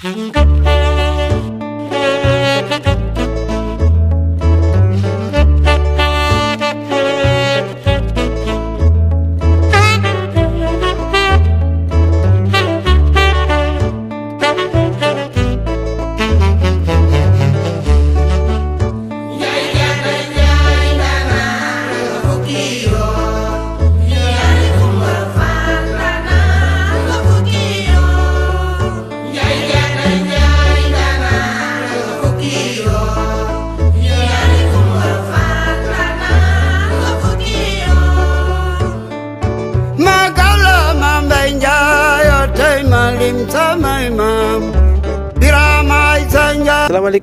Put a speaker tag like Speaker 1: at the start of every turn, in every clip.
Speaker 1: Thank you.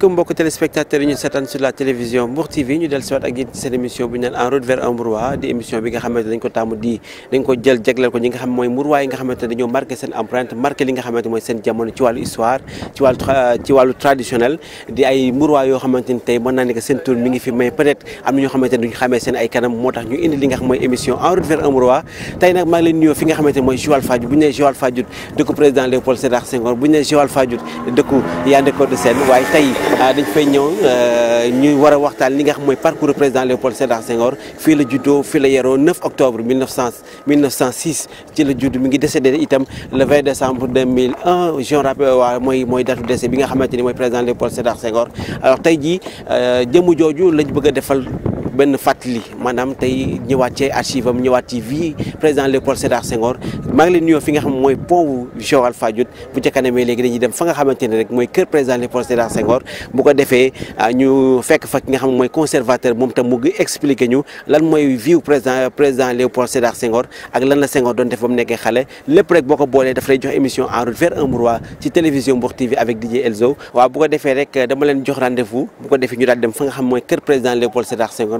Speaker 2: asalaamaaleykum mbokk téléspectateurs yi ñu seetaan sur la télévision Mbour TV ñu del siwaat ak yéen ci seen émission bu ñu en route vers un Mouroir di émission bi nga xamante dañ ko taamu di dañ ko jël jagleel ko ñi nga xam mooy Mouroir yi nga xamante ne dañoo marqué seen empreinte marqué li nga xamante mooy seen jamono ci wàllu histoire ci wàllu ci wàllu traditionnel di ay Mouroir yoo xamante ni tey mën naa ne que seen tur mi ngi fi mais peut-être am na ñoo xamante ne duñu xamee seen ay kanam moo tax ñu indi li nga xam mooy émission en route vers un Mouroir tey nag maa ngi leen nuyoo fi nga xamante ne mooy Joal Fadiouth bu ñu nee Joal Fadiouth dëkku président Léopold Sédar Senghor bu ñu nee Joal Fadiouth dëkku Yandé de Sène waaye tey ah, dañ fay ñëw euh, ñuy war a waxtaan li nga xam mooy parcours président Léopold Sédar Senghor fii la juddoo fii la yaroo 9 octobre 1900 1906 ci la judd mi ngi décédé itam le 20 décembre 2001 je rappelle euh, waa mooy mooy datu décès bi nga xamante ni mooy président Léopold Sédar Senghor alors tey jii euh, jëmu jooju lañ bëgg a defal ben fàttali manam tay ñëwaat ci archive am ñëwaat ci vie président Léopold Sédar Senghor maa ngi leen nuyoo fi nga xam moy pont wu Joal Fadiouth bu ca kanamee légui dañuy dem fa nga xamanténi rek moy kër président Léopold Sédar Senghor bu ko défé ah, ñu fekk fa nga xam moy conservateur mom tam mu expliquer ñu lan moy vie président président Léopold Sédar Senghor ak lan la Senghor doon def ba mu nekkee xale lépp rek boo bolé boolee daf lay jox émission en route vers un roi ci télévision Mbour TV avec DJ Elzo wa bu ko défé rek dama leen jox rendez-vous bu ko défé ñu dal dem fa nga xam moy kër président Léopold Sédar Senghor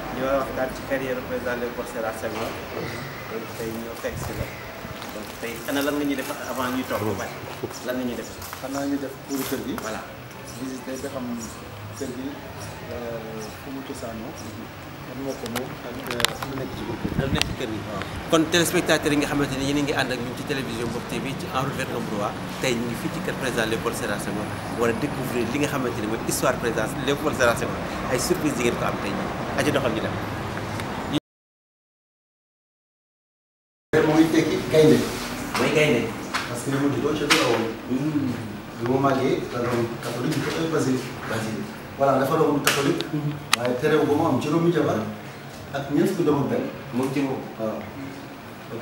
Speaker 2: ñu war a waxtaan ci carrière président Léopold Sédar Senghor donc
Speaker 3: tey ñoo si la donc tey ana lan nga ñuy def avant ñuy toog ba lan nga ñuy def xanaa ñu def pour kër gi voilà visité ba xam kër gi fu mu cosaanoo am nga
Speaker 2: xamante ni yéen ngi ànd ak ñun ci télévision Mbour TV fii ci kër président Léopold Sédar Senghor war li nga xamante ni mooy histoire président Léopold Sédar Senghor ay surprise
Speaker 1: yi ngeen ko am tey aja gaynde. mooy gaynde. mu juddoo ci biir awoon.
Speaker 3: bi mu màggee da doon catholique bi ko basé. basé voilà dafa doon catholique. waaye terewul ba mu am juróomi ak ñeent ku demul benn. moom ci moom waaw.
Speaker 2: donc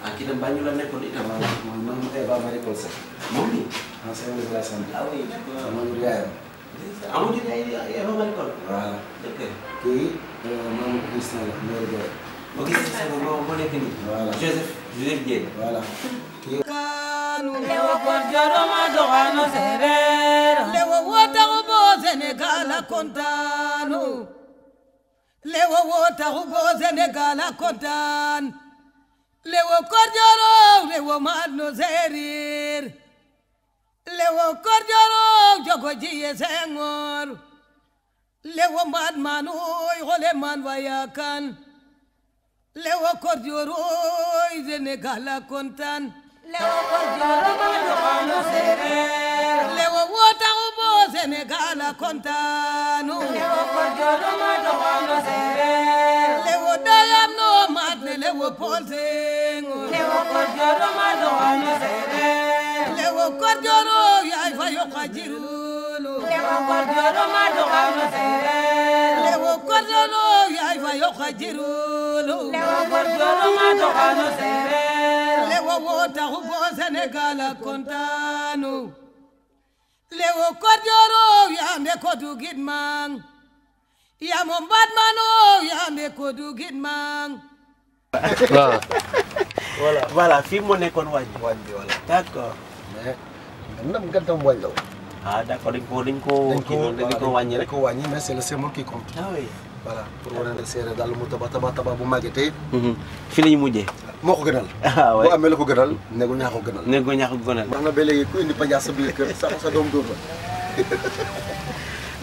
Speaker 2: ah kii tam Banjul la nekkoon itam. mooy man ma koy baax ma nekkoon sax. moom nii.
Speaker 3: en service de la santé. ah oui d'accord moom it yaayam. amuñu
Speaker 2: ay ay ay ma nekkoon.
Speaker 3: voilà euh, dëkk la. kii moom gis naa la Mor Gueye. ma gis naa la
Speaker 2: moom moo nekk nii. voilà Joseph Joseph Dieng. voilà.
Speaker 4: lewo kon joroma doxano sereera lewo wotaxu bo Sénégal a kontaanu lewo wotaxu bo Sénégal a kontaan lewo korjoro lewo maatno seereer lewo korjoro jogo jiye sengoor lewo maat maanoy xole maan wa yaakan lewo korjoroy Sénégal a kontaan lewo korjoro maatno xaano seereer lewo wootaxu bo Sénégal a kontaanu lewo korjoro maatno xaano seereer lewo Léopold Senghor Léopold Joro ma doxono seere Léopold Joro yaay fa yokka jirulu Léopold Joro ma doxono seere Léopold Joro yaay fa yokka jirulu Léopold Joro ma doxono seere Léopold taxu bo Sénégal a kontaanu Léopold Joro yaa ne ko dugit mang yaa moom baat mano yaa ne ko dugit mang
Speaker 2: waaw. voilà voilà fii moo nekkoon wàññi. wàññi voilà d' accord. mais
Speaker 3: ndam gàttam wàññi la woon. ah d' accord dañ koo dañ koo. dañ koo dañ koo wàññi rek dañ koo wàññi ah mu taba taba taba bu màggetee. Mhm. fii la ñu mujjee. moo ko gënal. ah oui boo amee la ko gënal néegu ñax ko gënal. néegu ñaax ko gënal. wax na ba léegi ku indi pajaas sa biir kër sax sa doom dóor la.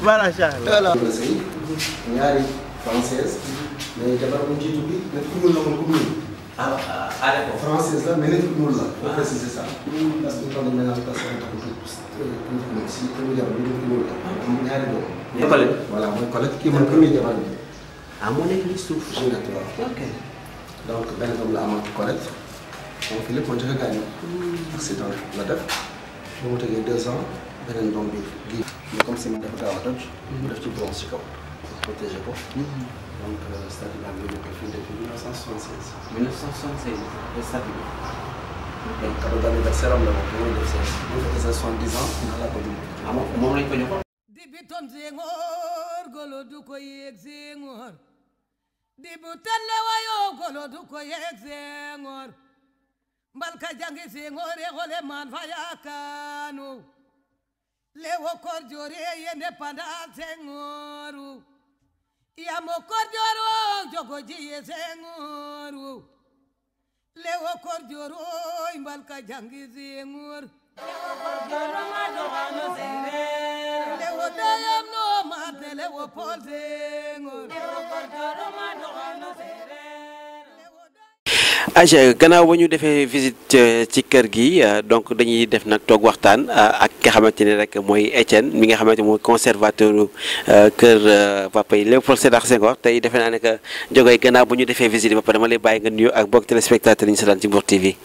Speaker 3: macha allah. française mais jabar bu jiitu bi ne kumul la moom kumul. ah ah allé ko. française la mais ne kumul la. waaw préciser ça. parce que ñu toll nii ménage personne taxul kumul si kumul jabar bi kumul la. am ñaari doom. ñaari collègue voilà mooy collègue kii mooy premier jabar bi. ah moo nekk nii suuf. suñu natt waaw. ok donc benn doom la amoon collègue. donc lépp moo joxe gaañu. accident la def. ba mu tegee deux ans beneen doom bi gii. mais comme si ma dafa gaaw a doj. mu def ci bronze ci kaw. protéger ko. donc ko
Speaker 1: euh, jóg. ah moom lañ
Speaker 4: golo du ko yéeg Senghor dibu tan la wayoo golo du ko yéeg Senghor mbal jangi Senghor e xole man fa yaakaanu lewo kor joore yende pandal Senghooru ya mokorjoro jogo jiye sengoru lewo korjoro imbal ka jangi zengor lewo korjoro ma doga no sere
Speaker 1: lewo dayam
Speaker 4: no ma lewo pol zengor lewo korjoro ma
Speaker 2: doga no sere aja gannaaw ba ñu visit visite euh, ci kër gi euh, donc dañuy def nak toog waxtaan euh, ak ki xamante ni rek mooy Etienne mi nga xamante mooy conservateur kër papa yi Léopold Sédar Senghor tey defe naa ne que jógee gannaaw bu ñu defee visite ba pare dama lay bàyyi nga nuyu ak mbokk téléspectateur ñu ci Mbour TV.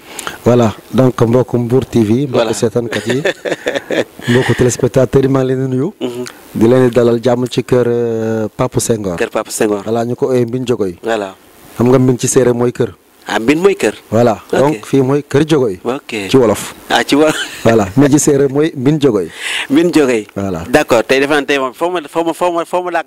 Speaker 3: voilà donc mbokk Mbour TV. voilà mbokk seetaankat yi mbokk téléspectateur yi leen di nuyu. Mhm. di leen dalal jàmm ci kër Papa Senghor. kër Papa Senghor. voilà ñu ko oyee Mbine xam nga ci kër. ah mbin mooy voilà donc fi moy keur jogoy.
Speaker 2: ok ci wolof. ah ci wolof.
Speaker 3: voilà mais ci séeréer moy min jogoy. min jogoy. voilà
Speaker 2: d'accord tay defan tay naa tey moom foo ma foo ma foo ma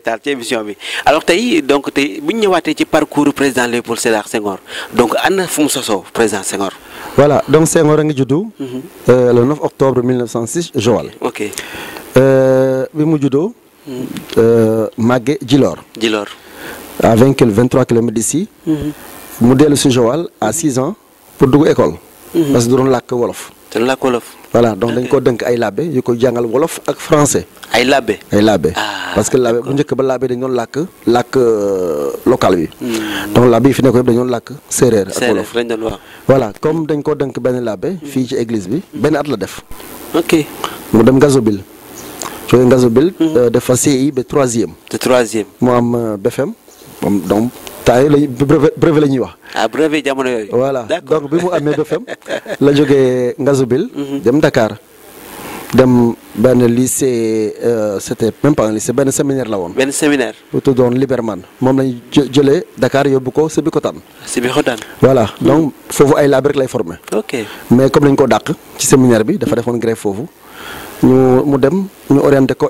Speaker 2: taal ci émission bi alors tay donc tay buñ ñu ci parcours président Léopold Sédar Senghor donc ana fu mu sosoo président Senghor.
Speaker 3: voilà donc Senghor nga ngi mhm. euh le 9 octobre 1906 Joal. ok euh bi mu mhm. euh màgge Djilor. Djilor. à 20 23 km d' ici mu dellu si Joal à 6 ans pour dugg école. Mhm. parce que du doon làkk wolof. te làkk wolof. voilà donc dañ ko dënk ay labbe yu ko jàngal wolof ak français. ay labbe ay labbe. Ah, parce que labbe bu ñëk ba labbe dañ doon lak lak euh, local bi. Hmm. donc labbe fi nekk yëp dañ doon lak séeréer. ak wolof voilà comme dañ ko dënk ben labbe. fi ci église bi ben at la def. ok mu dem Gazobil. jóge Gazobil. Hmm. Euh, def fa CI ba troisième. te troisième. mu am euh, BFM moom donc. temps yi lañ brevet la ñuy wax.
Speaker 2: ah brevet jamono yooyu. voilà donc bi mu amee BFEM
Speaker 3: la jógee Ngazobil. Mhm. dem Dakar dem benn lycée euh, c' était même pas un lycée benn séminaire la woon. benn seminaire séminaire. bu tuddoon Liberman moom lañ jëlee dakaar yóbbu ko Sébikotane. Sébikotane. voilà mhm. donc foofu ay laab rek lay formé. mais comme lañ ko dàq ci séminaire bi dafa defoon grève foofu. Nous mu dem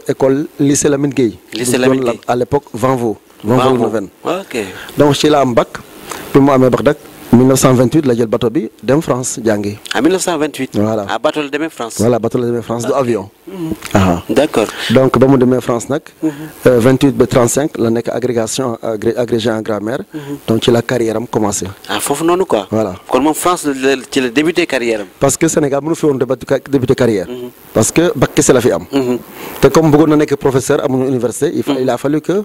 Speaker 3: école lycée Lamine à l'époque Vanvo. Vanvo ah, ok donc chez la bac Puis bac en 1928 la guerre bateau bi dem France En
Speaker 2: En 1928. voilà ah bateau la
Speaker 1: France. voilà
Speaker 3: bateau la France d'Avion. avion. Mhm. d'accord donc ba bateau demee France nag. 28 mhm. 35 euh, la nek agrégation agrégé en grammaire. Mhm. donc c'est la carrière a commencé.
Speaker 2: ah foofu quoi. voilà Comment France la le, la débuté carrière
Speaker 3: parce que Sénégal mënu fi début débuté carrière. parce que bac c'est la fi am. te comme beaucoup na professeur mon université. il a fallu que.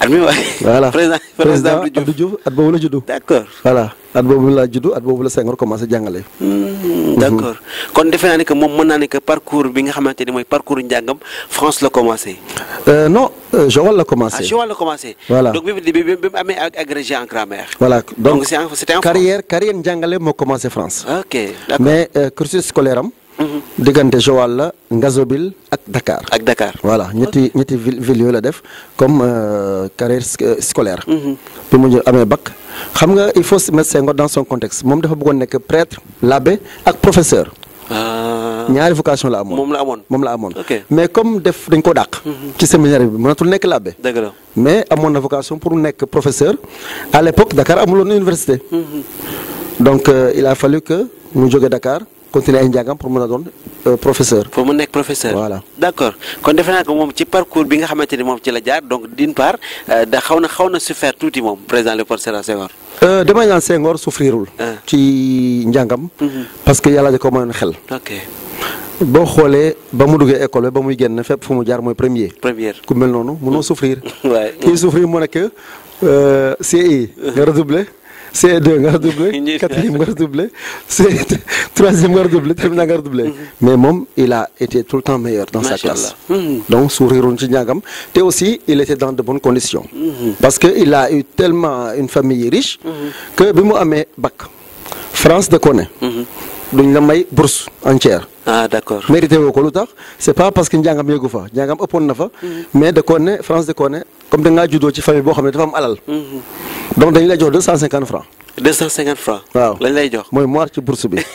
Speaker 3: at mi waay. voilà boobu la juddu. d' accord at boobu la juddu at boobu la Senghor commencé jàngale. Hmm, mhm. d' accord
Speaker 2: kon defe naa ne que moom mën naa ne que parcours bi nga xamante ni mooy parcours njàngam France la commencé.
Speaker 3: Euh, non euh, Joal la commencé. ah Joal la commencé. voilà donc
Speaker 2: bi bi bi en grammaire.
Speaker 3: voilà en carrière carrière njàngale moo commencé France.
Speaker 2: ok d' accord mais
Speaker 3: euh, am. diggante Joal la Ngazobil ak Dakar. ak Dakar voilà ñetti ñetti ville yo la def comme euh, carrière euh, scolaire. Mhm. bi mu amé bac xam nga il faut mettre dans son contexte mom dafa bëggone nek prêtre l'abbé ak professeur.
Speaker 2: Ah. ñaari
Speaker 3: vocation la amone mom la amone mom la amone mais comme def dañ ko dàq. Mhm. ci séminaire bi mënatul nek l'abbé. dëgg la mais amone na vocation pour nek professeur à l'époque Dakar amuloon université. Mhm. donc euh, il a fallu que mu jóge Dakar. continuer ay njàngam pour mën a doon euh, professeur.
Speaker 2: pour mu nekk professeur. voilà d' accord kon defe naa ko moom ci parcours bi nga xamante ni moom ci la jaar donc d' une part euh, da xaw na xaw na souffert tuuti moom président Léopold Sédar Senghor.
Speaker 3: Euh, damay naan Senghor souffrirul. Ah. ci njàngam. Mhm. parce que yàlla da ko mayoon xel. boo xoolee ba mu duggee école ba muy génn fépp fu mu jaar mooy premier. premier ku mel noonu mënoo souffrir. waay kii souffrir mu nekk CI. nga redoubler. C'est deux garde doublés, quatrième gars war troisième gars mm-hmm. mais mom, il a été tout le temps meilleur dans sa classe mm-hmm. donc sourire, ci ñaagam Et aussi il était dans de bonnes conditions mm-hmm. parce qu'il a eu tellement une famille riche que bi Amé bac France de connaît Il duñ eu une bourse entière ah d'accord mérité woo au tax c'est pas parce que njàngam yéegu fa njàngam ëppoon na fa. Mm-hmm. mais de koo France de koo comme da ngaa juddoo ci famille boo xam ne dafa am alal.
Speaker 2: Mm-hmm.
Speaker 3: donc il lay jox 250 francs.
Speaker 2: 250 francs. waaw Moi, je suis
Speaker 3: mooy moitié ci bourse bi.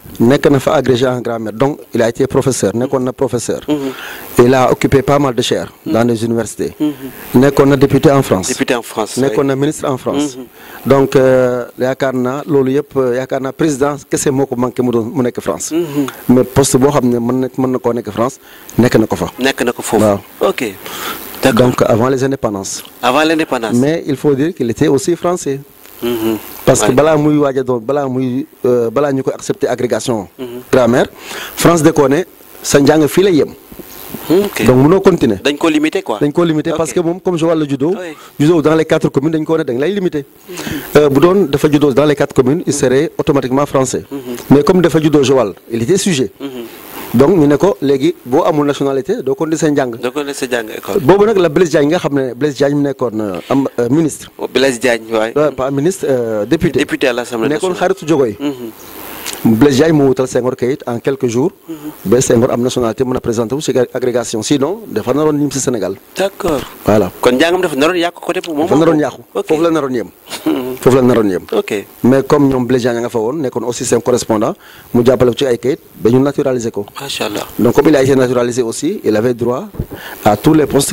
Speaker 3: nekk na fa agrégé en grammaire donc il a été professeur nekkoon na professeur. Mhm. il a occupé pas mal de chaires. Mhm. dans les universités. Mhm. nekkoon na député en France. député en France nekkoon na ministre en France. donc euh, yaakaar naa loolu yëpp euh, yaakaar président kese moo ko manqué mu doon France. mais poste bo xamné man mën na mën na France nekk na fa. nekk na ko ok. donc avant les indépendances.
Speaker 2: avant l'indépendance. mais
Speaker 3: il faut dire qu'il était aussi français.
Speaker 2: Mhm. parce que
Speaker 3: si muy a l'agrégation muy euh, accepter agrégation. Mhm. grammaire France Donc on ne sa pas fi
Speaker 2: mhm,
Speaker 3: donc on continuer. dañ
Speaker 2: ko limiter quoi dañ ko parce que
Speaker 3: comme je le judo. judo dans les quatre communes il ko limité. dañ lay limiter. Euh, bu judo dans les quatre communes il serait automatiquement français. mais comme dafa judo Joal il était sujet. donc ñu ne ko léegi boo amul nationalité doo continuer sa njàng. doo sa njàng boobu nag la Blaise Diagne nga xam ne Blaise Diagne mu nekkoon euh, am euh, ministre. Oh,
Speaker 2: Blaise jaañ waay.
Speaker 3: Euh, pas ministre député député
Speaker 2: à l'Assemblée nationale nekkoon xaritu Jogoy. Mm-hmm.
Speaker 3: Blaise Diagne moo wutal Senghor kayit en quelques jours. ba Senghor am nationalité mën a présenté wu si agrégation sinon dafa naroon ñim si Sénégal. d'accord voilà kon njàngam dafa naroon yàqu côté pour dafa naroon yàqu foofu la naroon yem. foofu la naroon yem. ok mais comme ñoom Blaise Diagne nga fa woon nekkoon aussi seen correspondant mu jàppale ci ay kayit ba ñu naturaliser ko. macha donc comme il a été naturalisé aussi il avait droit à tous les postes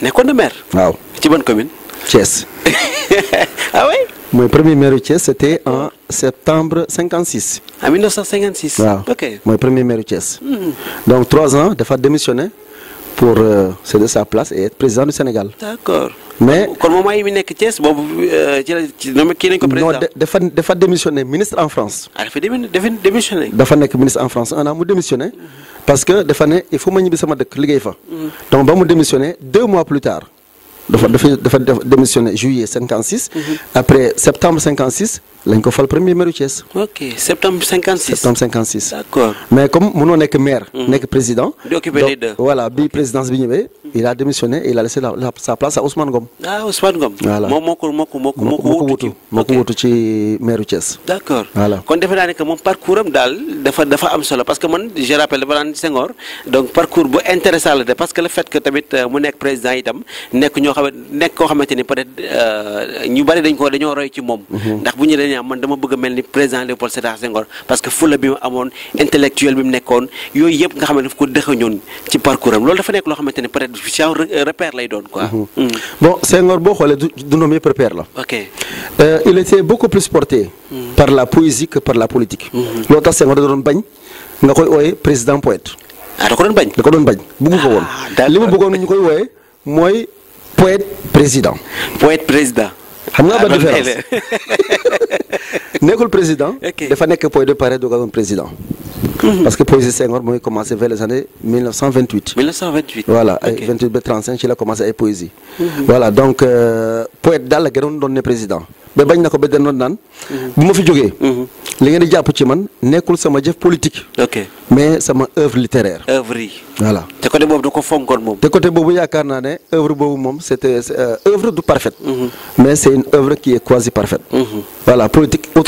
Speaker 2: Neconde de maire. waaw ci bonne commune.
Speaker 3: Thiès. ah oui. Mon premier maire de Thiès c'était en septembre 56. en 1956. ok Mon premier maire de Thiès. Hmm. donc trois ans a démissionné pour euh, céder sa place et être président du Sénégal. D'accord, mais Quand moment yi mu Thiès je euh, ci président. non a fait démissionné ministre en France. Ah,
Speaker 2: Il a démissionné.
Speaker 3: dafa nekk ministre en France un an démissionné. Hmm parce que il faut que je me dëkk mm. donc je démissionner démissionné deux mois plus tard dafa démissionné juillet 56. Mhm. après septembre 56 lañ ko premier maire ok septembre 56. septembre 56. d'accord mais comme n'est que maire. que mhm. président. voilà bi il a démissionné il a laissé sa place à Ousmane gom
Speaker 2: ah Ousmane gom
Speaker 3: voilà mon mon Moko.
Speaker 2: d'accord parcours parce que je rappelle donc parcours intéressant parce que le fait que tamit euh, président xam nekk koo xamante peut-être euh, ñu bari dañ ko dañoo roy ci mom mhm. ndax bu ñu dañuy am man dama bëgg melni président Léopold Sédar Senghor parce que fula bi mu amoon intellectuel bi mu nekkoon yoy yëpp nga xamanteni ne daf ko dëxañoon ci parcours am loolu dafa nekk lo xamanteni peut-être genre euh, repère lay doon quoi. Mhm. Mm.
Speaker 3: bon Senghor bo xolé du dundam yëpp repère la. ok euh, il était beaucoup plus porté. Mm. par la poésie que par la politique. Mm-hmm. lo tax Senghor da doon bañ nga koy ooyee président poète. Ah, da ko doon bañ da ko doon bañ bëggu ko woon. Ah, li mu bëggoon ñu koy wooyee mooy poète président. poète président. xam pas de ah, différence le président. dafa nekk point de pare doog a président. Mhm. parce que Poésie Senghor a commencé vers les années 1928. 1928 voilà 28 35 il a commencé ay poésie. Mhm. voilà donc euh, poète dans la gënoon doon le président. mais bañ na ko ba danoon naan. Mhm. bu ma fi jógee. li ngeen di jàpp ci man nekkul sama politique. mais mais sama œuvre littéraire. œuvre voilà te côté boobu da ko fonkoon moom. te côté boobu yaakaar naa œuvre boobu moom c' euh, œuvre du parfaite. mais c'est une œuvre qui est quasi parfaite. voilà politique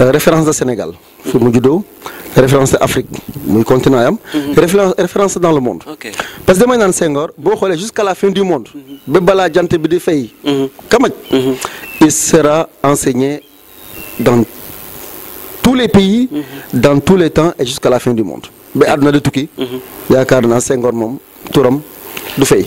Speaker 3: Euh, référence de Sénégal référence à l'Afrique, continent mhm. référence dans le monde parce que demain dans Senghor jusqu'à la fin du monde mhm. mhm. il sera enseigné dans tous les pays dans tous les temps et jusqu'à la fin du monde ba àdduna il y a naa Senghor moom Touram, du fay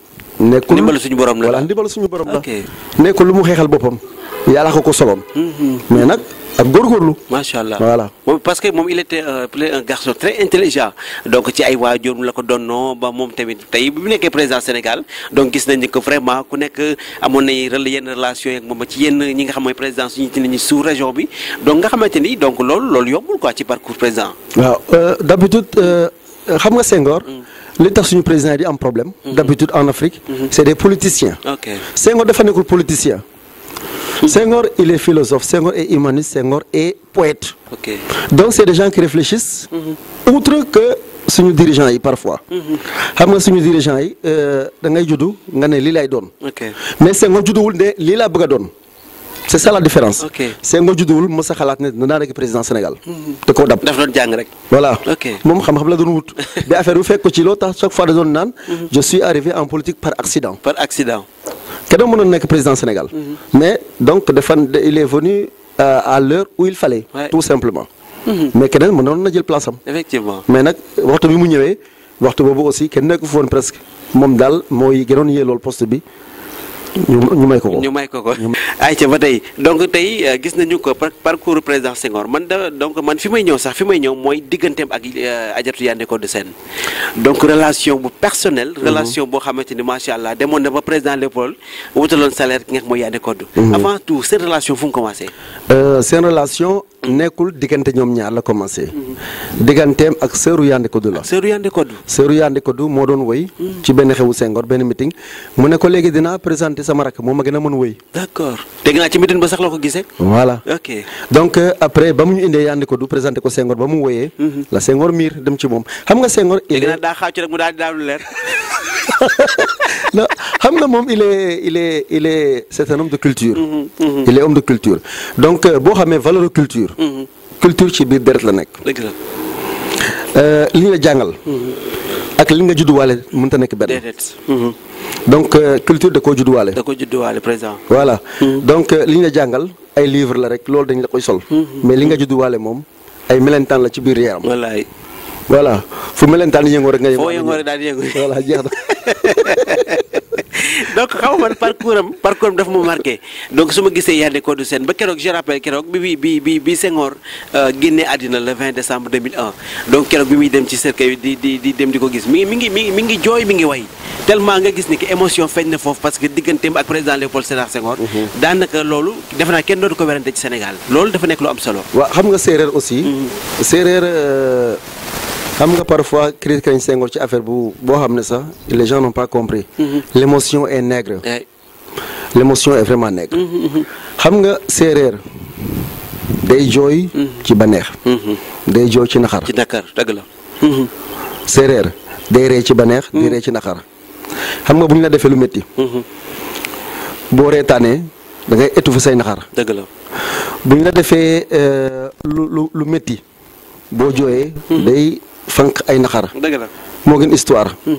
Speaker 3: nekul ndimbalu suñu borom la wala ndimbalu suñu borom la. nekul lu mu xeexal boppam. yalla ko ko soloon.
Speaker 1: Mm-hmm. mais
Speaker 3: nag ak góorgóorlu.
Speaker 2: macha allah voilà. moom parce que mom il était euh, un garçon très intelligent donc ci ay waajuram la ko donnoo ba mom tamit tay bu nekkee président Sénégal donc gis nañ que vraiment ku nek amoon nañ yenn relation ak mom ci yenn ñi nga xam moy président suñu tin ni sous région bi donc nga xamanteni donc lool lool yombul quoi ci parcours président.
Speaker 3: waaw euh, d'habitude euh, xam nga Senghor. Mm. L'état tax suñu président yi di am problème. Mhm. Mhm. d'habitude en Afrique. Mhm. c'est des politiciens. ok Senghor dafa nekkul politicien. Senghor il est philosophe Senghor est humaniste Senghor est poète. donc c'est des gens qui réfléchissent. outre que suñu dirigeants parfois. xam nga suñu dirigeants yi euh, da ngay juddu nga ne lay mais Senghor judduwul ne lii laa bëgg c'est ça la différence. C'est Senghor judduwul mos a xalaat ne danaa nekk président Sénégal. Mhm. da koo dab daf doon jàng rek. voilà moom xam-xam la doon wut. mais affaire bu fekk ko ci loo tax chaque fois da doon naan. Mhm. je suis arrivé en politique par accident. par accident. kenn mënoon nekk président Sénégal. Mhm. mais donc il est venu euh, à l'heure où il fallait. tout simplement. mais keneen mënoon na jël place am. effectivement mais nag waxtu bi mu ñëwee waxtu boobu aussi kenn nekk fu presque moom dal, mooy gënoon yee loolu poste bi. ñu may ko ko ñu
Speaker 2: may ko ko ayca ba tey donc tey euh, gis nañu ko parcours président Senghor man da donc man fi may ñëw sax fi may ñëw mooy digganteem ak euh, Adjaratou Yandé Codou Sène donc relation bu personnelle mhm. relation boo xamante ni macha allah demoon na ba président Léopold wutaloon salaire ki nga xam mooy Yandé Codou mhm. avant tout seen relation fu mu commencé
Speaker 3: euh, seen relation nekkul diggante ñoom ñaar la commencé. digganteem ak sëru Yandé Codou la. sëru Yandé Codou. sëru Yandé moo doon wëy. ci benn xewu Senghor benn meeting mu ne ko léegi dinaa présenté sama rakk moom a gën a mën wëy.
Speaker 2: d'accord dégg a ci meeting ba sax la ko gise voilà ok
Speaker 3: donc euh, après ba mu ñu indee Yandé Codou présenté ko sengoor ba mu wëyee. Mhm. la Senghor miir dem ci moom xam nga Senghor. léegi nag daa
Speaker 2: xaacu rek mu daal di daal leer.
Speaker 3: non xam nga moom il est il est il est c'est un homme de culture. Mhm, mhm. il donc euh, boo xamee valeur culture. culture. culture ci biir deret la nekk. dëgg la euh, li ñu la jàngal. ak li nga judduwaale mënta nekk benn. déedéet. Mhm. donc euh, culture da koo judduwaale.
Speaker 2: da koo judduwaale présent.
Speaker 3: voilà mhm. donc euh, li ñu la jàngal ay livre la rek loolu dañ la koy sol. Mhm. mais li nga judduwaale moom ay melentaan la ci biir yaram. wallaay. voilà fu melentaan yëngoo rek nga yëngoo. rek
Speaker 2: daal di yëngu. donc xaw parcours am parcours am ma marqué donc su ma gisee Yandé Codou Sène ba keroog je rappelle keroog bi bi bi bi Senghor euh, àddina le 20 donc keroog bi muy dem ci cercueil di di dem di ko gis mi ngi mi ngi mi ngi mi ngi jooy mi ngi way tellement nga gis ni que émotion feeñ na foofu parce que digganteem ak président Léopold Sédar Senghor. Mhm. daanaka loolu def naa kenn dootu ko werante ci Sénégal loolu dafa nekk lu am solo.
Speaker 3: waaw xam nga séeréer aussi. Mhm. séeréer. Euh, xam nga parfois critiquer nañ Senghor ci affaire bu boo xam ne les gens n'ont pas compris. Mm-hmm. L'émotion est nègre. L'émotion est vraiment nègre. xam nga rare. day joy mm-hmm. ci baneex. Mm-hmm. day joy ci naxar. ci naxar dëgg la. séeréer day ree ci baneex. day ree ci naxar xam nga bu ñu la métier. lu métti. boo reetaanee da ngay étouffer say naxar. dëgg la bu ñu le defee euh, lu lu lu day. fanq ay naxar. dëgg moo gën histoire. Mhm.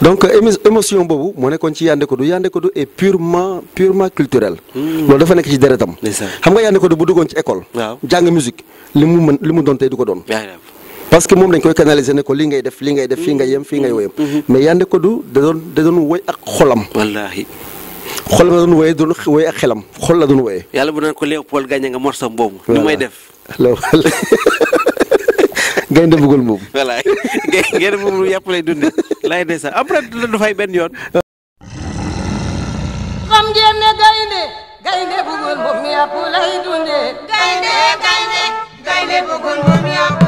Speaker 3: donc émotion boobu moo nekkoon ci Yandé-Codou Yandé-Codou est purement purement culturel. Mhm. loolu dafa nekk ci deretam. xam nga Yandé-Codou bu duggoon ci école. jàng musique li mu mën li mu doon tey du ko doon. parce que moom dañ koy canaliser ne ko li ngay def li ngay def fii ngay yem fii ngay mhm. woyam. mais Yandé-Codou da doon da doon woy ak xolam. wallaahi. la doon woyee doon woyee ak xelam xol la doon woyee.
Speaker 2: yàlla bu naan ko Léopold Gagné nga morsom boobu. lu may def.
Speaker 3: gaynde bugul moom
Speaker 2: voilà gaynde bugul yàpp lay dunde lay de sax après du fay benn yoon
Speaker 4: xam ngeen gaynde gaynde bugul moom yàpp lay dunde gaynde
Speaker 5: gaynde gaynde bugul yàpp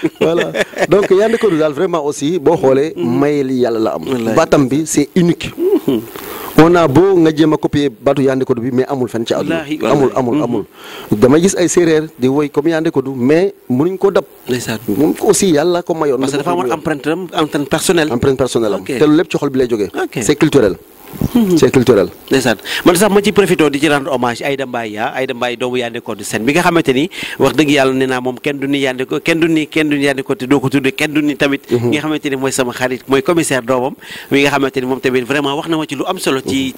Speaker 3: voilà donc Yandé Codou daal vraiment aussi boo xoolee. mayel yàlla la am. baatam bi c'est unique. Mhm. on a beau nga jéem a copier baatu Yandé Codou bi mais amul fenn ci àdduna. amul amul amul. Mhm. gis ay séeréer di woy comme Yandé Codou mais mënuñ koo dab. aussi yàlla ko mayoon. parce que dafa amoon empreinte am empreinte personnelle. empreinte personnelle ci xol bi lay jógee. c'est culturel. Mhm. c'est culturel. ndeysaan man sax
Speaker 2: ma ci profité di ci rendre hommage Aïda Mbaye yaa ah, Aïda Mbaye doomu Yandékoor di seen bi nga xamante ni wax dëgg yàlla nee moom kenn du ni Yandékoor kenn du ko tuddee kenn du ni tamit. Mhm. nga xamante ni mooy sama xarit mooy commissaire doomam mi nga xamante ni moom tamit vraiment wax na ma ci lu am solo. ci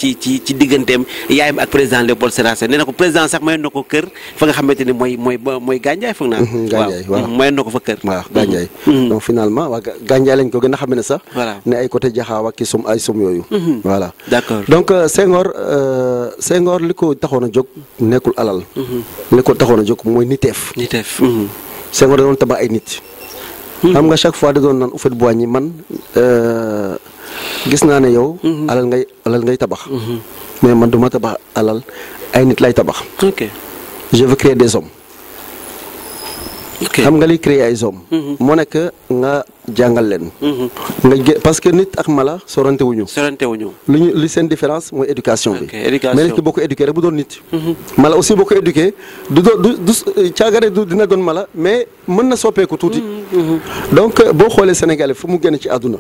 Speaker 2: digganteem yaayam ak président Léopold Sédar Senghor nee na ko président sax mayoon na ko kër fa nga xamante ni mooy mooy mooy foog naa.
Speaker 3: Mhm, Gandiaye waaw d'accord donc euh, Senghor euh, Senghor li ko taxoon a jóg nekkul alal. Mhm. li ko taxoon a jóg mooy niteef. niteef. Mhm. Senghor da doon tabax ay nit. Mhm. xam nga chaque fois da doon naan Houphouët Boigny man euh, gis naa ne yow. alal ngay tabax. mais man duma tabax alal ay nit lay tabax. ok des hommes. xam nga liy créer ay zoom mm-hmm. moo nekk nga jàngal leen. Mm-hmm. nga parce que nit ak mala sorante wuñu. wuñu lu ñu li seen différence mooy éducation bi. mais nit ki boo ko éduqué rek bu doon nit. Mm-hmm. mala aussi boo ko éduqué du doon du du euh, du dina doon mala mais mën na soppeeku tuuti. donc euh, boo xoolee Sénégal fu mu génn ci àdduna.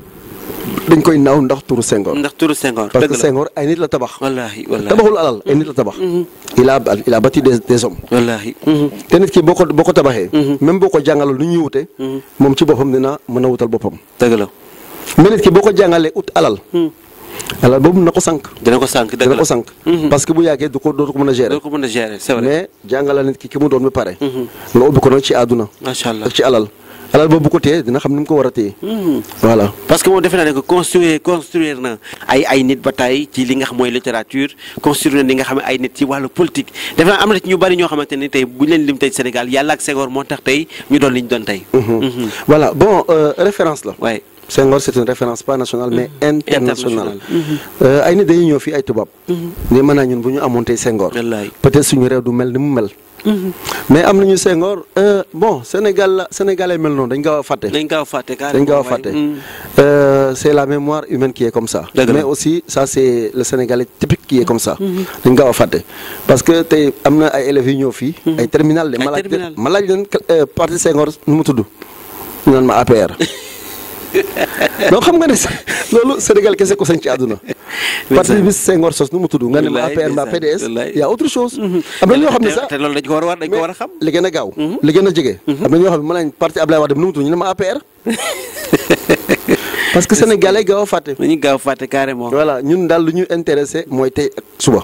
Speaker 3: dañ koy naaw ndax turu Senghor. ndax turu Senghor parce que Senghor ay nit la tabax. tabaxul alal ay nit la tabax. Mm-hmm. il a il a bâti des des mm-hmm. te nit ki boo ko boo ko tabaxee. Mm-hmm. même boo ko jàngalul nu ñuy wute. moom ci boppam dina mën a wutal boppam. dëgg la nit ki boo ko jàngalee ut alal. alal boobu na ko sànq. ko sànq dëgg la dina ko parce que bu yàggee du ko dootu ko mën a gérer. dootu ko mën a gérer c'est vrai mais jàngala nit ki ki mu doon ba pare. nga ubbi ci àdduna. macha allah ci alal. alal boobu bu ko téye dina xam ni mu ko war a téye. Hmm. voilà parce que moom defe
Speaker 2: naa ne que construire construire na ay ay nit ba tey ci li nga xam littérature construire na li nga xam ay nit ci wàllu politique defe naa am na ci ñu bari ñoo xamante ne tey bu ñu doon tey.
Speaker 3: Hmm. Hmm. voilà bon euh, référence la. waay Senghor c'est une référence pas nationale mais internationale. Euh, ay nit dañuy ñëw fii ay tubaab. ni mën naa ñun bu ñu amoon tey Senghor. peut-être suñu réew du mel ni mu mel. mais am na ñu sengoor euh, bon Sénégal la Sénégalais mel noonu dañ gaaw a fàtte. dañ gaaw a fàtte dañ a fàtte. Mm. Euh, c' est la mémoire humaine qui est comme ça. mais aussi ça c' est le Sénégalais typique qui est comme ça. Mm-hmm. dañ gaaw a fàtte parce que tey am na ay élèves yu ñëw fii. Mm-hmm. ay terminal de malaaj ma laaj leen parti nu mu tudd ñu naan ma APR. donc xam nga ne loolu Sénégal kese ko sañ ci àdduna. parti bi Senghor sos nu mu tudd nga ne ma APR mbaa PDS y' a chose mhm. am na ñoo xam ne sax loolu dañ ko war a war a xam li gën gaaw mhm. li gën a jege mhm. am na ñoo xam ne nu mu tudd ñu ne ma APR parce que sénégalais gaaw a fàtte dañuy gaaw a fàtte carrément voilà ñun daal lu ñu intéressé mooy tey ak suba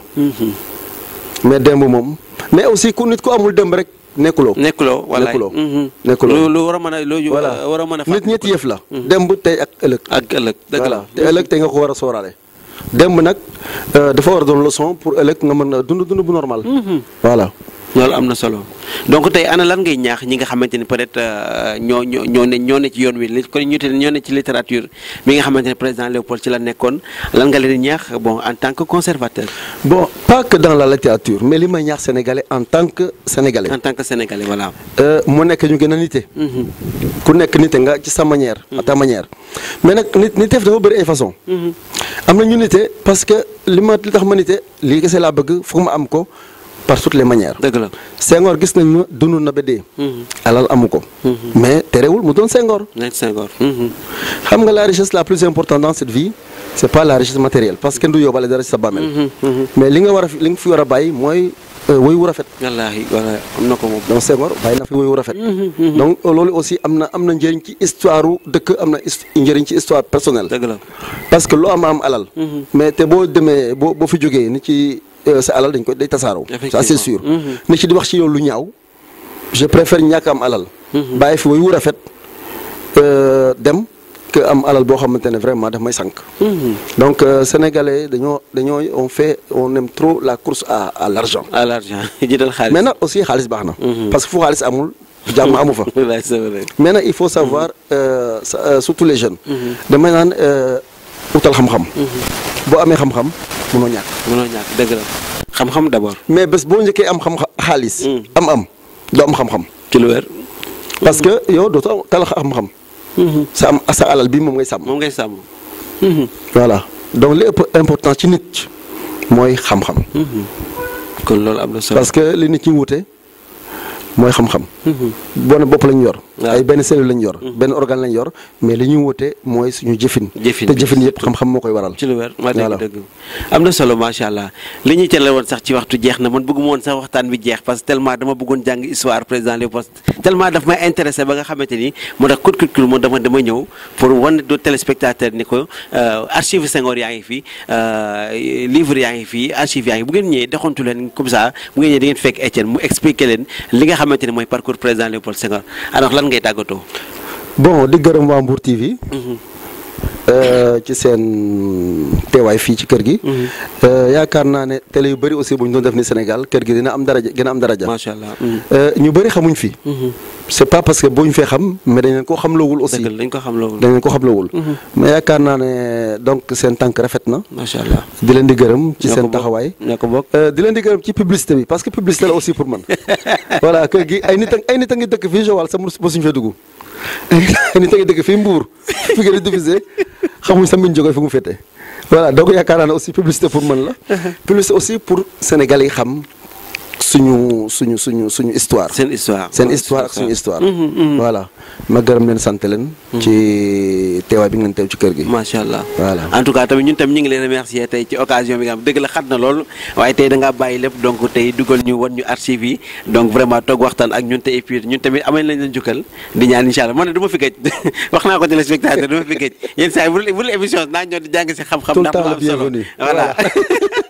Speaker 3: mais démb moom mais aussi ku nit ku amul démb rek nekkuloo nekkuloo wallaay nekkuloo lu war a mën a loo war a mën a nit ñetti yëf la démb tey ak ëllëg ak ëllëg dëgg la te ëllëg nga ko war a sóoraale démb nag euh, dafa war a doon leçon pour ëllëg nga mën a dund dund bu normal. Mhm. voilà. loolu amna na solo
Speaker 2: donc tay ana lan ngay ñaax ñi nga xamanteni peut-être euh, ñoo ñoo ne ñoo ne ci yoon wi li kon ñu te ñoo ne ci littérature mi nga xamanteni président Léopold ci la nekkoon lan nga leen ñaax bon en tant que conservateur. bon pas que
Speaker 3: dans la littérature mais li ma ñaax sénégalais en tant que sénégalais. en tant que sénégalais voilà. euh mo nek ñu gëna nité nite. Mhm. ku nek nité nga ci sa manière. à ta mhm. manière mais nak nit niteef dafa bëri ay façon mhm. am na ñu nité parce que li ma li tax ma li lii kese laa bëgg fu ma am ko par toutes les manières. dëgg la gis nañ ma dund na ba dee. Mhm. alal amuko mhm. mais téréwul mu don doon Senghor. Senghor. Mhm. xam nga la richesse la plus importante dans cette vie c'est pas la richesse matérielle parce que kenn du yóbbaale dara ci sa bàmmeel. mais li nga wara li nga fi wara bay moy mooy euh, woy wu rafet. wallaahi wallaahi am ko moom. donc Senghor bàyyi na fi woy wu rafet. donc euh, loolu aussi amna amna am njëriñ ci histoire deuk amna na njëriñ ci histoire personnelle. dëgg la parce que lo am am alal. mais té bo démé bo fi joggé ni ci. Euh, sa alal dañ ko day tasaaroo. ça c'est sûr. mais mhm. ci di wax ci yow lu ñaaw je préfère ñakam alal. Mhm. bàyyi fi way wu rafet euh, dem que am alal bo xamantene vraiment daf may sank mhm. donc euh, sénégalais dañoo dañoo on fait on aime trop la course à à l'argent. à l'argent jiital xaalis. mais nag aussi xaliss baxna parce que fu xaliss amul. jamm amu mais il faut savoir surtout les jeunes. damay euh utal xam-xam. boo amee xam-xam mënoo ñàkk. mënoo ñàkk dëgg la mais bés boo njëkkee am xam xaalis. am mm. am doo am xam-xam. ci parce que yow dootoo tal xam-xam. Mm-hmm. sa am sa alal bi moom ngay sàmm. moom ngay sàmm. Mm-hmm. voilà donc li ëpp important ci nit mooy xam-xam. Mm-hmm. loolu am na parce que li nit ñi wute mooy xam-xam. boo ne bopp lañu yor. ay benn cellule lañ yor mhm. benn organe lañ yor mais li ñu wute mooy suñu jëfin jëfin te jëfin yëpp xam-xam moo koy waral ci
Speaker 2: am na solo macha allah li ñuy teel woon sax ci waxtu jeex na man bëgguma woon sax waxtaan bi jeex parce que dama bëggoon jàng histoire président Léopold tellement daf may intéressé ba nga xamante ni moo tax kut kut moo dama dama ñëw pour wan do téléspectateur ni ko euh, archive Senghor yaa ngi fi euh, livre yaa ngi fi archive yaa lan ngay tàggatoo.
Speaker 3: bon di gërëm waa Mbour TV. Mhm. Euh, ci seen teewaay fii ci kër gi. Mhm. Euh, yaakaar naa ne télé yu bëri aussi bu ñu doon def ni Sénégal kër gi dina am daraja dina am daraja. macha allah mhm. euh, ñu bari xamuñ fi. Mhm. c'est pas parce que boo ñu fee xam mais dañ leen ko xamloowul aussi dëgg dañ ko xamloowul dañ leen ko xamloowul. mais yaakaar naa ne donc seen tànk rafet na. macha allah di leen di gërëm. ci seen taxawaay ñoo ko bokk di leen di gërëm ci publicité bi parce que publicité la aussi pour man. voilà kër gi ay nit a ngi dëkk fii Joal sa mosuñ fee dugg. nit a ngi dëkk fii Mbour fi ngeen di diffuser xamuñ sa mbiñ jógee fi mu féete voilà donc yaakaar naa ne aussi publicité pour man la publicité aussi pour sénégalais yi xam suñu suñu suñu suñu histoire. seen histoire seen histoire ak suñu histoire. Mm-hmm, mm-hmm. voilà ma gërëm leen sant leen. Mm-hmm. ci teewaay bi ngeen teew ci kër gi. macha allah
Speaker 2: en tout cas tamit ñun tam ñu ngi leen remercier tey ci occasion bi nga xam dëgg la xat na lool waaye tey da ngaa bàyyi lépp donc tey dugal ñu wan ñu archive yi donc vraiment toog waxtaan ak ñun tey et puis ñun tamit amañ lañ leen jukkal di ñaan incha allah man du ma fi gëj wax naa ko téléspectateur du ma jàng si xam-xam.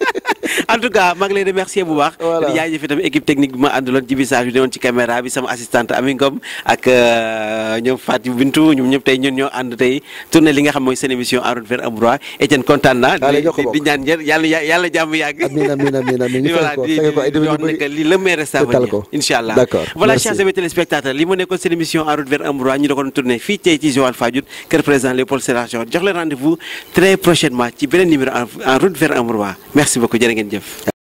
Speaker 2: en tout cas maa ngi leen di remercier bu baax. voilà di jaajëf itam équipe technique bi ma àndaloon ci message bi newoon ci caméra bi sama assistante Ami Ngom ak euh, ñoom Fatou Bintou ñoom ñëpp tey ñun ñoo ànd tey tourné li nga xam mooy seen émission en route vers un droit Etienne kontaan naa. di ñaan njër yàlla yàlla jàmm yàgg. amiin amiin amiin amiin ñu fekk ko fekk ko ay déglu ñu bëri li le meilleur reste à venir incha
Speaker 3: allah. d'accord voilà chers
Speaker 2: amis téléspectateurs li mu nekkoon seen émission en route vers un droit ñu doon tourné fii tey ci Joal Fadiouth kër président Léopold Sédar Senghor jox leen rendez-vous très prochainement ci beneen numéro en route vers un droit merci beaucoup jërë ngeen jëf life.